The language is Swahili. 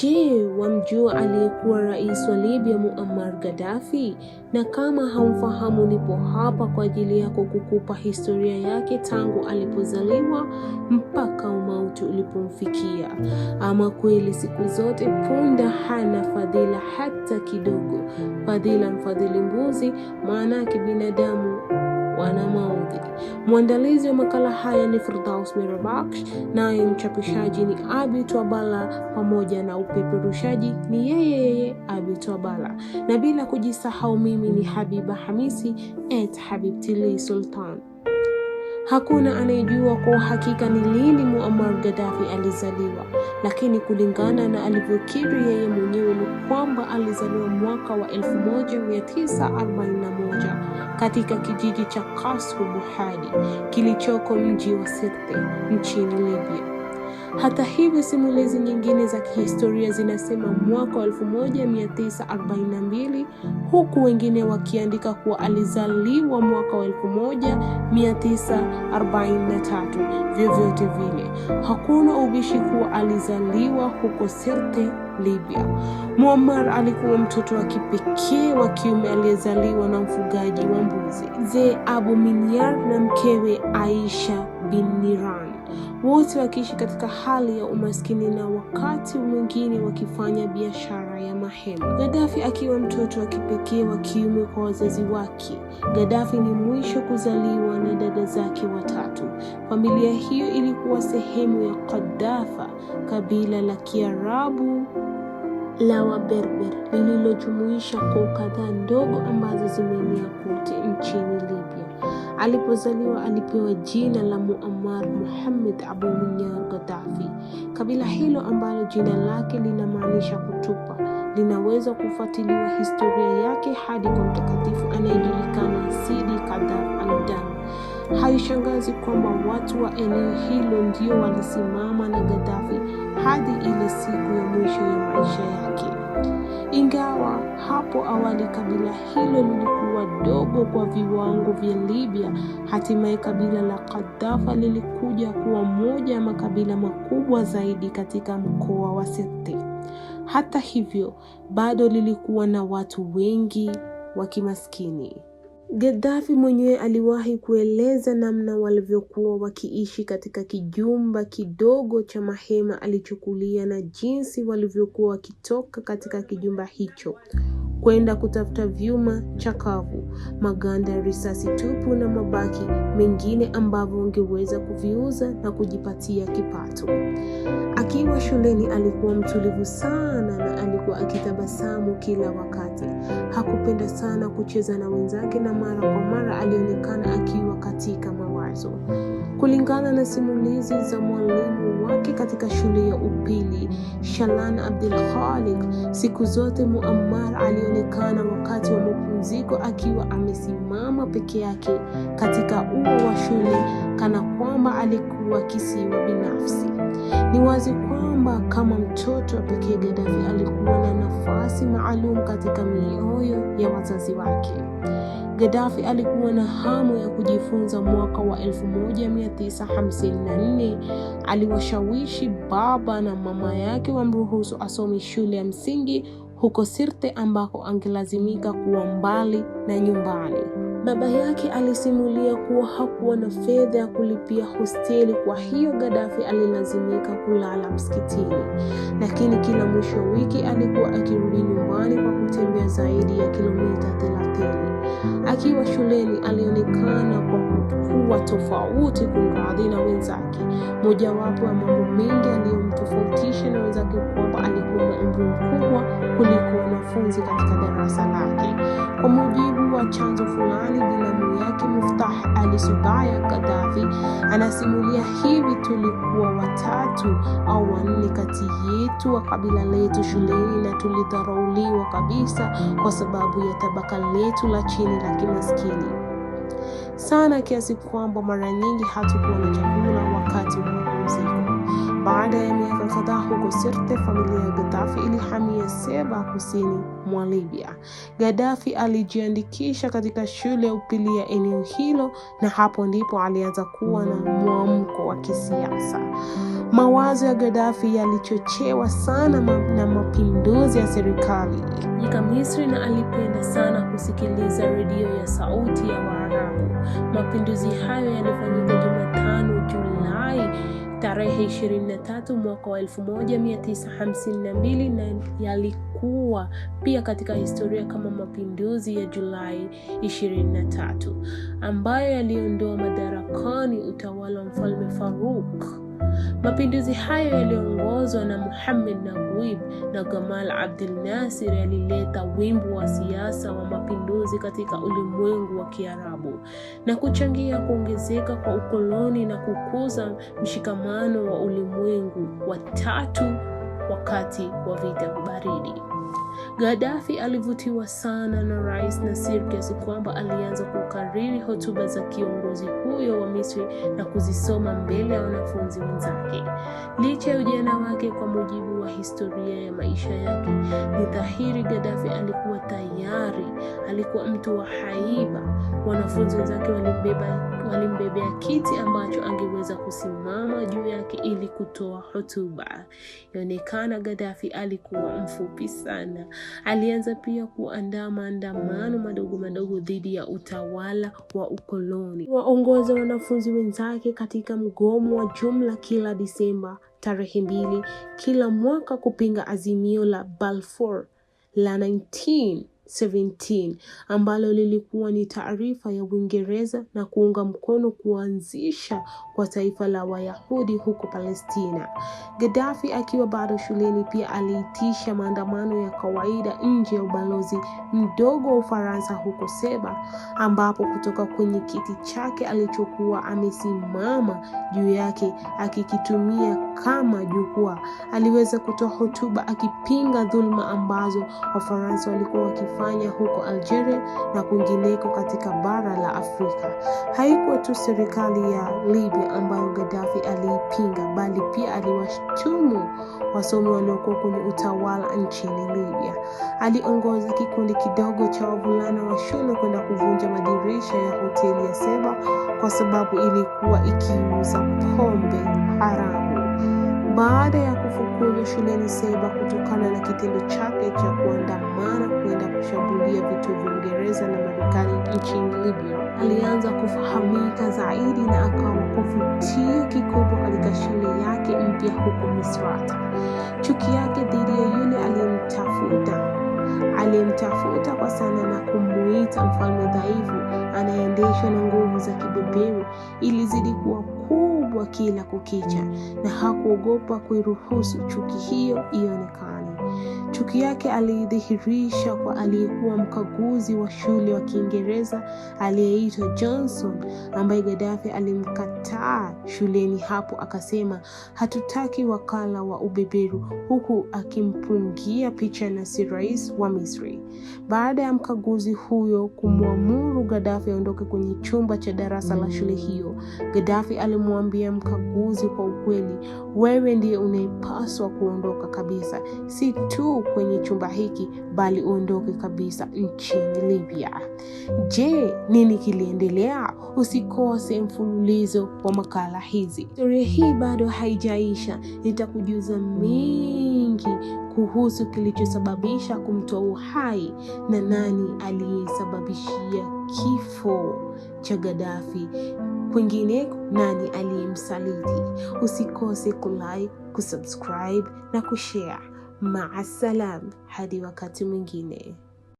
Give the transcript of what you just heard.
Je, wamjua aliyekuwa rais wa Libya Muammar Gaddafi? Na kama hamfahamu, nipo hapa kwa ajili yako kukupa historia yake tangu alipozaliwa mpaka umauti ulipomfikia. Ama kweli siku zote punda hana fadhila hata kidogo. Fadhila mfadhili mbuzi, maana yake binadamu ardhi. Mwandalizi wa makala haya ni Firdaus Mirabaksh, naye mchapishaji ni Abi Twabala, pamoja na upeperushaji ni yeye yeye Abi Twabala, na bila kujisahau mimi ni Habiba Hamisi et Habibtili Sultan. Hakuna anayejua kwa uhakika ni lini Muammar Gaddafi alizaliwa, lakini kulingana na alivyokiri yeye mwenyewe ni kwamba alizaliwa mwaka wa 1941 katika kijiji cha Kasru Buhadi kilichoko mji wa Sirte nchini Libya. Hata hivyo, simulizi nyingine za kihistoria zinasema mwaka wa 1942 huku wengine wakiandika kuwa alizaliwa mwaka wa 1943. Vyovyote vile, hakuna ubishi kuwa alizaliwa huko Sirte Libya. Muammar alikuwa mtoto wa kipekee wa kiume aliyezaliwa na mfugaji wa mbuzi Zee Abu Minyar na mkewe Aisha bin Niran wote wakiishi katika hali ya umaskini na wakati mwingine wakifanya biashara ya mahema. Gaddafi akiwa mtoto wa kipekee wa kiume kwa wazazi wake. Gaddafi ni mwisho kuzaliwa na dada zake watatu. Familia hiyo ilikuwa sehemu ya Qaddafa, kabila la Kiarabu la Waberber lililojumuisha koo kadhaa ndogo ambazo zimeenea kote nchini Libya. Alipozaliwa alipewa jina la Muammar Muhammad Abu Munyar Gaddafi. Kabila hilo ambalo jina lake linamaanisha kutupa linaweza kufuatiliwa historia yake hadi kwa mtakatifu anayejulikana Sidi Kadhaf aldan Haishangazi kwamba watu wa eneo hilo ndio walisimama na Gaddafi hadi ile siku ya mwisho ya maisha yake. Ingawa hapo awali kabila hilo lilikuwa dogo kwa viwango vya Libya, hatimaye kabila la kadhafa lilikuja kuwa moja ya makabila makubwa zaidi katika mkoa wa Sirte. Hata hivyo, bado lilikuwa na watu wengi wa kimaskini. Gaddafi mwenyewe aliwahi kueleza namna walivyokuwa wakiishi katika kijumba kidogo cha mahema alichokulia na jinsi walivyokuwa wakitoka katika kijumba hicho kwenda kutafuta vyuma chakavu, maganda ya risasi tupu na mabaki mengine ambavyo ungeweza kuviuza na kujipatia kipato. Akiwa shuleni alikuwa mtulivu sana na alikuwa akitabasamu kila wakati. Hakupenda sana kucheza na wenzake na mara kwa mara alionekana akiwa katika mawazo. Kulingana na simulizi za mwalimu wake katika shule ya upili Shalan Abdul Khaliq, siku zote Muammar alionekana wakati wa mapumziko akiwa amesimama peke yake katika ua wa shule, kana kwamba alikuwa kisiwa binafsi. Ni wazi kwamba kama mtoto pekee, Gaddafi alikuwa na nafasi maalum katika mioyo ya wazazi wake. Gaddafi alikuwa na hamu ya kujifunza. Mwaka wa 1954 aliwashawishi baba na mama yake wamruhusu asome shule ya msingi huko Sirte ambako angelazimika kuwa mbali na nyumbani. Baba yake alisimulia kuwa hakuwa na fedha ya kulipia hosteli, kwa hiyo Gaddafi alilazimika kulala msikitini, lakini kila mwisho wa wiki alikuwa akirudi nyumbani kwa kutembea zaidi ya kilomita 30. Akiwa shuleni alionekana kwa kuwa tofauti kumradhi na wenzake. Mojawapo ya mambo mengi aliyomtofautisha na wenzake kwamba alikuwa na umri mkubwa kuliko wanafunzi katika darasa lake. Kwa mujibu wa chanzo fulani, binamu yake Muftah Ali Subaya Gaddafi anasimulia hii tulikuwa watatu au wanne kati yetu wa kabila letu shuleni na tulidharauliwa kabisa kwa sababu ya tabaka letu la chini la kimaskini sana kiasi kwamba mara nyingi hatukuwa na chakula wakati wa mapumziko baada ya Duterte familia ya Gaddafi ilihamia Seba kusini mwa Libya. Gaddafi alijiandikisha katika shule ya upili ya eneo hilo na hapo ndipo alianza kuwa na mwamko wa kisiasa. Mawazo ya Gaddafi yalichochewa sana na mapinduzi ya serikali ika Misri, na alipenda sana kusikiliza redio ya Sauti ya Waarabu. Mapinduzi hayo yalifanyika Jumatano Julai tarehe 23 mwaka wa 1952 na yalikuwa pia katika historia kama mapinduzi ya Julai 23 ambayo yaliondoa madarakani utawala wa Mfalme Faruk Mapinduzi hayo yaliongozwa na Muhammad naguib na Gamal Abdel Nasir yalileta wimbo wa siasa wa mapinduzi katika ulimwengu wa Kiarabu na kuchangia kuongezeka kwa ukoloni na kukuza mshikamano wa ulimwengu wa tatu wakati wa vita baridi. Gaddafi alivutiwa sana na Rais Nasir kiasi kwamba alianza kukariri hotuba za kiongozi huyo wa Misri na kuzisoma mbele ya wanafunzi wenzake. Licha ya ujana wake, kwa mujibu wa historia ya maisha yake, ni dhahiri Gaddafi alikuwa tayari, alikuwa mtu wa haiba. Wanafunzi wenzake walimbebea kiti ambacho angeweza ili kutoa hotuba. Yaonekana gadhafi alikuwa mfupi sana. Alianza pia kuandaa maandamano madogo madogo dhidi ya utawala wa ukoloni, waongoza wanafunzi wenzake katika mgomo wa jumla kila Disemba tarehe mbili kila mwaka kupinga azimio la balfor la 19 17 ambalo lilikuwa ni taarifa ya Uingereza na kuunga mkono kuanzisha kwa taifa la Wayahudi huko Palestina. Gaddafi akiwa bado shuleni pia aliitisha maandamano ya kawaida nje ya ubalozi mdogo wa Ufaransa huko Seba, ambapo kutoka kwenye kiti chake alichokuwa amesimama juu yake akikitumia kama jukwaa, aliweza kutoa hotuba akipinga dhulma ambazo Wafaransa walikuwa wakifanya kufanya huko Algeria na kwingineko katika bara la Afrika. Haikuwa tu serikali ya Libya ambayo Gaddafi aliipinga, bali pia aliwashtumu wasomi waliokuwa kwenye utawala nchini Libya. Aliongoza kikundi kidogo cha wavulana wa shule kwenda kuvunja madirisha ya hoteli ya Seba kwa sababu ilikuwa ikiuza pombe haramu baada ya kufukuzwa shuleni seba kutokana na kitendo chake cha kuandamana kwenda kushambulia vituo vya Uingereza na Marekani nchini Libya, alianza kufahamika zaidi na akawa kuvutia kikubwa katika shule yake mpya huko Misrata. Chuki yake dhidi ya yule aliyemtafuta aliyemtafuta kwa sana na kumuita mfalme dhaifu anaendeshwa na nguvu za kibeberu ilizidi kuwa kubwa kila kukicha, na hakuogopa kuiruhusu chuki hiyo ionekane. Chuki yake aliidhihirisha kwa aliyekuwa mkaguzi wa shule wa Kiingereza aliyeitwa Johnson, ambaye gadafi alimkataa shuleni hapo, akasema hatutaki wakala wa ubeberu, huku akimpungia picha na si rais wa Misri. Baada ya mkaguzi huyo kumwamuru Gaddafi Gadafi aondoke kwenye chumba cha darasa la shule hiyo. gadafi alimwambia mkaguzi, kwa ukweli, wewe ndiye unayepaswa kuondoka kabisa, si tu kwenye chumba hiki, bali uondoke kabisa nchini Libya. Je, nini kiliendelea? Usikose mfululizo wa makala hizi. Historia hii bado haijaisha, nitakujuza mimi mengi kuhusu kilichosababisha kumtoa uhai na nani aliyesababishia kifo cha gadafi kwingine nani aliyemsaliti. Usikose kulike, kusubscribe na kushare. Maasalam, hadi wakati mwingine.